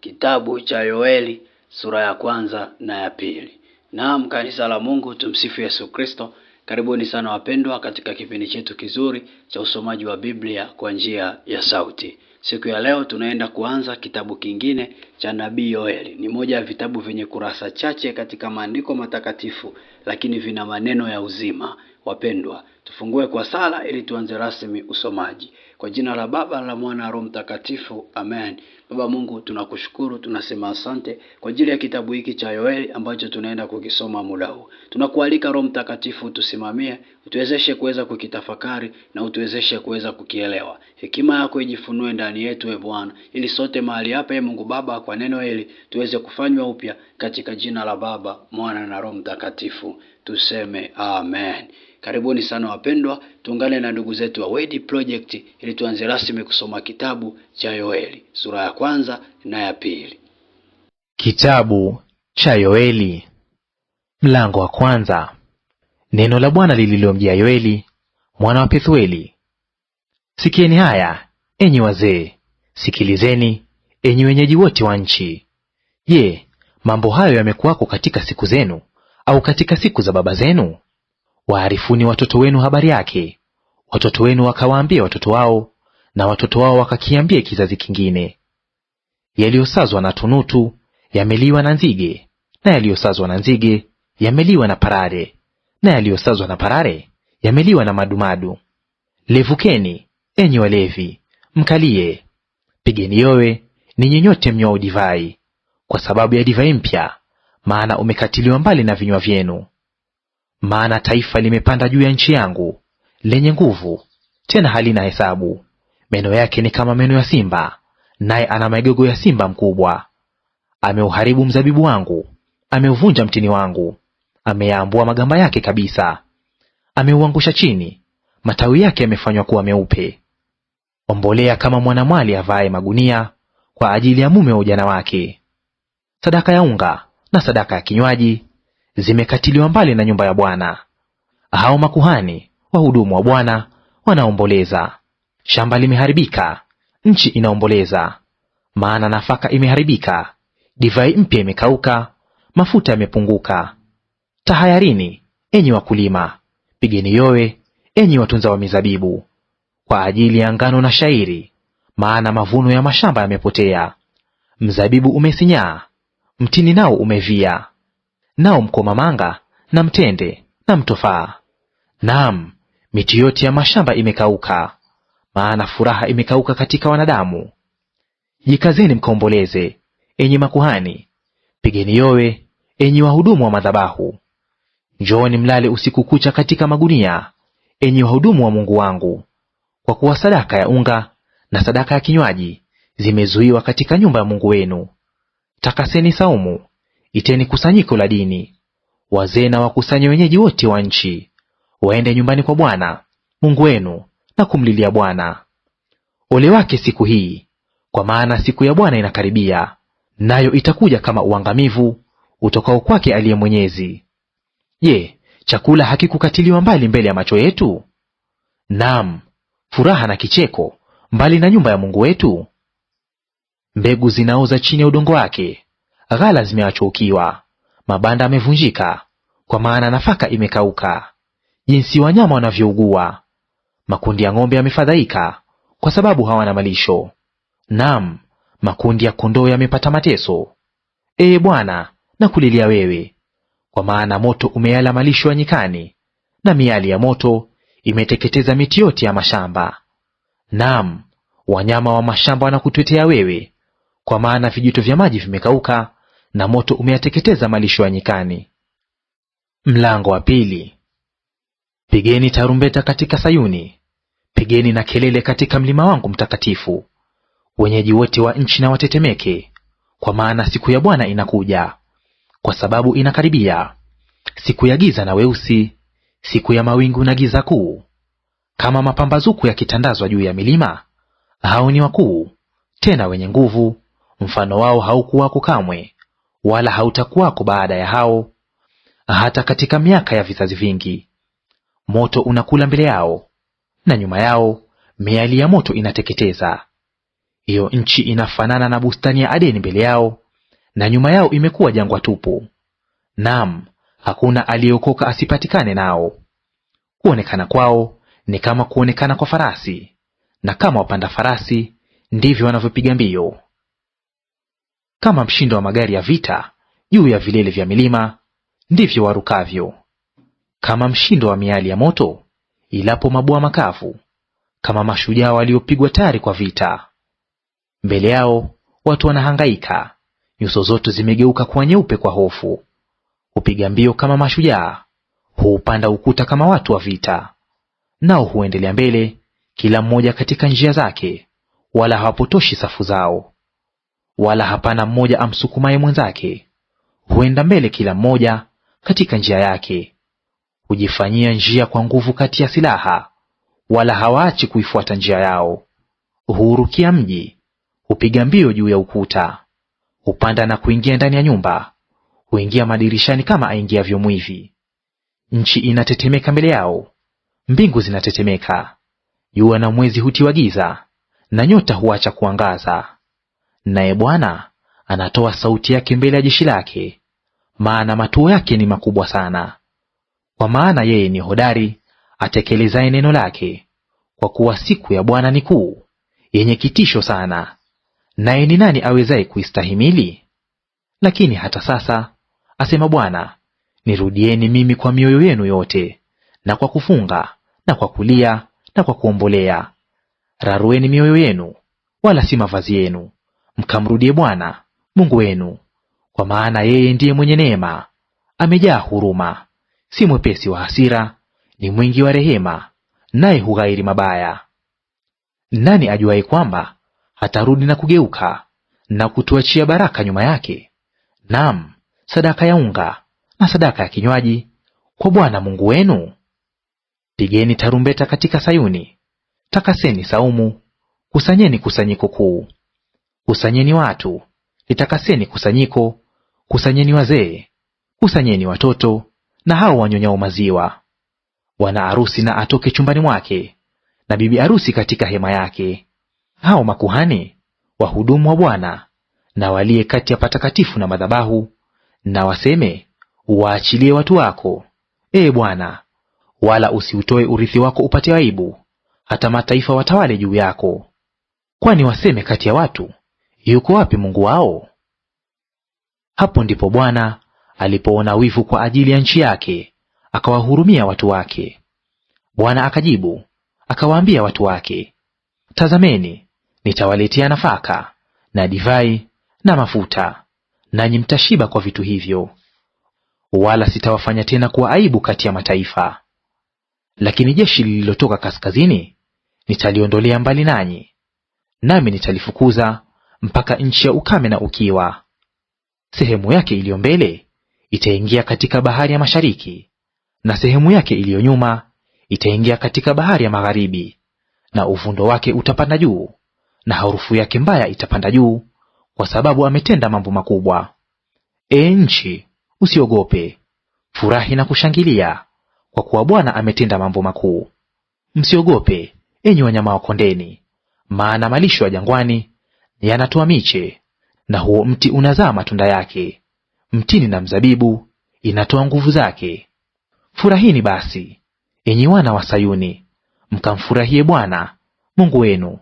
Kitabu cha Yoeli sura ya kwanza na ya pili. Naam, kanisa la Mungu, tumsifu Yesu Kristo. Karibuni sana wapendwa, katika kipindi chetu kizuri cha usomaji wa Biblia kwa njia ya sauti. Siku ya leo tunaenda kuanza kitabu kingine cha nabii Yoeli. Ni moja ya vitabu vyenye kurasa chache katika maandiko matakatifu, lakini vina maneno ya uzima. Wapendwa, tufungue kwa sala ili tuanze rasmi usomaji. Kwa jina la Baba la Mwana Roho Mtakatifu, amen. Baba Mungu, tunakushukuru, tunasema asante kwa ajili ya kitabu hiki cha Yoeli ambacho tunaenda kukisoma muda huu. Tunakualika Roho Mtakatifu utusimamie, utuwezeshe kuweza kukitafakari na utuwezeshe kuweza kukielewa. Hekima yako ijifunue ndani ndani yetu, e Bwana, ili sote mahali hapa, e Mungu Baba, kwa neno hili tuweze kufanywa upya katika jina la Baba, Mwana na Roho Mtakatifu, tuseme amen. Karibuni sana wapendwa, tuungane na ndugu zetu wa Word Project ili tuanze rasmi kusoma kitabu cha Yoeli sura ya kwanza na ya pili. Kitabu cha Yoeli mlango wa kwanza. Neno la Bwana lililomjia Yoeli mwana wa Pethueli. Sikieni haya Enyi wazee, sikilizeni, enyi wenyeji wote wa nchi. Je, mambo hayo yamekuwako katika siku zenu, au katika siku za baba zenu? Waarifuni watoto wenu habari yake, watoto wenu wakawaambie watoto wao, na watoto wao wakakiambie kizazi kingine. Yaliyosazwa na tunutu yameliwa na nzige, na yaliyosazwa na nzige yameliwa na parare, na yaliyosazwa na parare yameliwa na madumadu. Levukeni, enyi walevi, mkalie, pigeni yowe ninyi nyote mnywao divai, kwa sababu ya divai mpya, maana umekatiliwa mbali na vinywa vyenu. Maana taifa limepanda juu ya nchi yangu, lenye nguvu, tena halina hesabu. Meno yake ni kama meno ya simba, naye ana magogo ya simba mkubwa. Ameuharibu mzabibu wangu, ameuvunja mtini wangu, ameyaambua magamba yake kabisa, ameuangusha chini, matawi yake yamefanywa kuwa meupe. Ombolea kama mwanamwali avaaye magunia kwa ajili ya mume wa ujana wake. Sadaka ya unga na sadaka ya kinywaji zimekatiliwa mbali na nyumba ya Bwana. Hao makuhani wahudumu wa Bwana wanaomboleza. Shamba limeharibika, nchi inaomboleza, maana nafaka imeharibika, divai mpya imekauka, mafuta yamepunguka. Tahayarini, enyi wakulima; pigeni yowe, enyi watunza wa mizabibu kwa ajili ya ngano na shairi, maana mavuno ya mashamba yamepotea. Mzabibu umesinyaa, mtini nao umevia, nao mkomamanga na mtende na mtofaa, naam, miti yote ya mashamba imekauka, maana furaha imekauka katika wanadamu. Jikazeni mkaomboleze, enyi makuhani; pigeni yowe, enyi wahudumu wa madhabahu. Njooni mlale usiku kucha katika magunia, enyi wahudumu wa Mungu wangu, kwa kuwa sadaka ya unga na sadaka ya kinywaji zimezuiwa katika nyumba ya Mungu wenu. Takaseni saumu, iteni kusanyiko la dini, wazee na wakusanye wenyeji wote wa nchi, waende nyumbani kwa Bwana Mungu wenu na kumlilia Bwana. Ole wake siku hii, kwa maana siku ya Bwana inakaribia, nayo itakuja kama uangamivu utokao kwake aliye Mwenyezi. Je, chakula hakikukatiliwa mbali mbele ya macho yetu? Naam, furaha na kicheko mbali na nyumba ya Mungu wetu? Mbegu zinaoza chini ya udongo wake, ghala zimeachwa ukiwa, mabanda yamevunjika, kwa maana nafaka imekauka. Jinsi wanyama wanavyougua! Makundi ya ng'ombe yamefadhaika kwa sababu hawana malisho, naam makundi ya kondoo yamepata mateso. Ee Bwana, nakulilia wewe, kwa maana moto umeyala malisho ya nyikani, na miali ya moto imeteketeza miti yote ya mashamba. Naam, wanyama wa mashamba wanakutwetea wewe, kwa maana vijito vya maji vimekauka, na moto umeyateketeza malisho ya nyikani. Mlango wa pili. Pigeni tarumbeta katika Sayuni, pigeni na kelele katika mlima wangu mtakatifu. Wenyeji wote wa nchi na watetemeke, kwa maana siku ya Bwana inakuja, kwa sababu inakaribia, siku ya giza na weusi, siku ya mawingu na giza kuu. Kama mapambazuku yakitandazwa juu ya milima, hao ni wakuu tena wenye nguvu; mfano wao haukuwako kamwe, wala hautakuwako baada ya hao, hata katika miaka ya vizazi vingi. Moto unakula mbele yao, na nyuma yao miali ya moto inateketeza. Hiyo nchi inafanana na bustani ya Adeni mbele yao, na nyuma yao imekuwa jangwa tupu. Naam, hakuna aliyeokoka asipatikane nao. Kuonekana kwao ni kama kuonekana kwa farasi, na kama wapanda farasi ndivyo wanavyopiga mbio. Kama mshindo wa magari ya vita juu ya vilele vya milima, ndivyo warukavyo. Kama mshindo wa miali ya moto ilapo mabua makavu, kama mashujaa waliopigwa tayari kwa vita. Mbele yao watu wanahangaika, nyuso zote zimegeuka kuwa nyeupe kwa hofu hupiga mbio kama mashujaa, huupanda ukuta kama watu wa vita. Nao huendelea mbele, kila mmoja katika njia zake, wala hawapotoshi safu zao. Wala hapana mmoja amsukumaye mwenzake; huenda mbele kila mmoja katika njia yake. Hujifanyia njia kwa nguvu kati ya silaha, wala hawaachi kuifuata njia yao. Huurukia mji, hupiga mbio juu ya ukuta, hupanda na kuingia ndani ya nyumba huingia madirishani kama aingiavyo mwivi. Nchi inatetemeka mbele yao, mbingu zinatetemeka, jua na mwezi hutiwa giza, na nyota huacha kuangaza. Naye Bwana anatoa sauti yake mbele ya jeshi lake, maana matuo yake ni makubwa sana. Kwa maana yeye ni hodari atekelezaye neno lake, kwa kuwa siku ya Bwana ni kuu, yenye kitisho sana, naye ni nani awezaye kuistahimili? Lakini hata sasa asema Bwana, nirudieni mimi kwa mioyo yenu yote, na kwa kufunga na kwa kulia na kwa kuombolea. Rarueni mioyo yenu, wala si mavazi yenu, mkamrudie Bwana Mungu wenu, kwa maana yeye ndiye mwenye neema, amejaa huruma, si mwepesi wa hasira, ni mwingi wa rehema, naye hughairi mabaya. Nani ajuaye kwamba hatarudi na kugeuka na kutuachia baraka nyuma yake? Naam, sadaka ya unga na sadaka ya kinywaji kwa Bwana Mungu wenu. Pigeni tarumbeta katika Sayuni, takaseni saumu, kusanyeni kusanyiko kuu. Kusanyeni watu, litakaseni kusanyiko, kusanyeni wazee, kusanyeni watoto na hao wanyonyao maziwa. Bwana arusi na atoke chumbani mwake, na bibi arusi katika hema yake. Hao makuhani wahudumu wa Bwana na waliye kati ya patakatifu na madhabahu na waseme, waachilie watu wako, e Bwana, wala usiutoe urithi wako upate aibu, hata mataifa watawale juu yako. Kwani waseme kati ya watu, yuko wapi Mungu wao? Hapo ndipo Bwana alipoona wivu kwa ajili ya nchi yake, akawahurumia watu wake. Bwana akajibu akawaambia watu wake, Tazameni, nitawaletea nafaka na divai na mafuta, nanyi mtashiba kwa vitu hivyo. Wala sitawafanya tena kuwa aibu kati ya mataifa. Lakini jeshi lililotoka kaskazini nitaliondolea mbali nanyi, nami nitalifukuza mpaka nchi ya ukame na ukiwa. Sehemu yake iliyo mbele itaingia katika bahari ya mashariki, na sehemu yake iliyo nyuma itaingia katika bahari ya magharibi, na uvundo wake utapanda juu, na harufu yake mbaya itapanda juu kwa sababu ametenda mambo makubwa. Ee nchi, usiogope, furahi na kushangilia, kwa kuwa Bwana ametenda mambo makuu. Msiogope enyi wanyama wa kondeni, maana malisho ya jangwani yanatoa miche, na huo mti unazaa matunda yake; mtini na mzabibu inatoa nguvu zake. Furahini basi, enyi wana wa Sayuni, mkamfurahie Bwana Mungu wenu,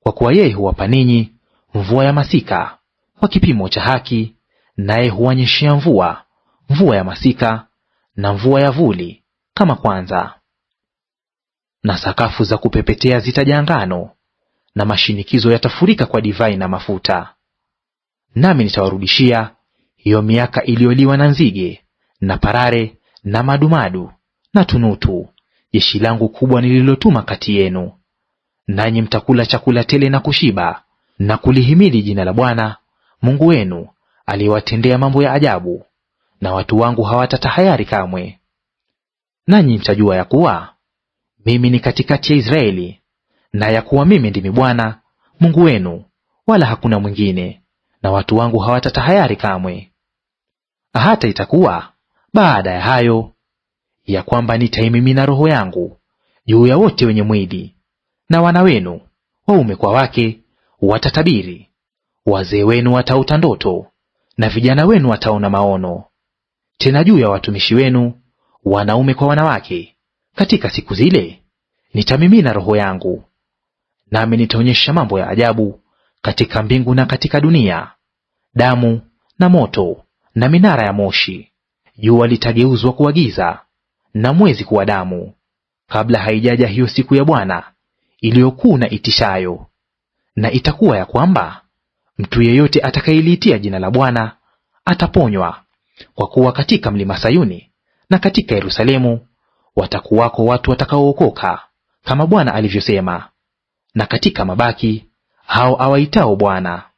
kwa kuwa yeye huwapa ninyi mvua ya masika kwa kipimo cha haki, naye huwanyeshea mvua, mvua ya masika na mvua ya vuli kama kwanza. Na sakafu za kupepetea zitajaa ngano, na mashinikizo yatafurika kwa divai na mafuta. Nami nitawarudishia hiyo miaka iliyoliwa na nzige na parare na madumadu na tunutu, jeshi langu kubwa nililotuma kati yenu. Nanyi mtakula chakula tele na kushiba, na kulihimili jina la Bwana Mungu wenu aliyewatendea mambo ya ajabu, na watu wangu hawatatahayari kamwe. Nanyi mtajua ya kuwa mimi ni katikati ya Israeli, na ya kuwa mimi ndimi Bwana Mungu wenu, wala hakuna mwingine, na watu wangu hawatatahayari kamwe. Hata itakuwa baada ya hayo ya kwamba nitaimimina roho yangu juu ya wote wenye mwili, na wana wenu waume kwa wake watatabiri, wazee wenu wataota ndoto na vijana wenu wataona maono. Tena juu ya watumishi wenu wanaume kwa wanawake, katika siku zile nitamimina Roho yangu, nami nitaonyesha mambo ya ajabu katika mbingu na katika dunia, damu na moto na minara ya moshi. Jua litageuzwa kuwa giza na mwezi kuwa damu, kabla haijaja hiyo siku ya Bwana iliyokuu na itishayo. Na itakuwa ya kwamba Mtu yeyote atakayeliitia jina la Bwana ataponywa, kwa kuwa katika mlima Sayuni na katika Yerusalemu watakuwako watu watakaookoka, kama Bwana alivyosema, na katika mabaki hao awaitao Bwana.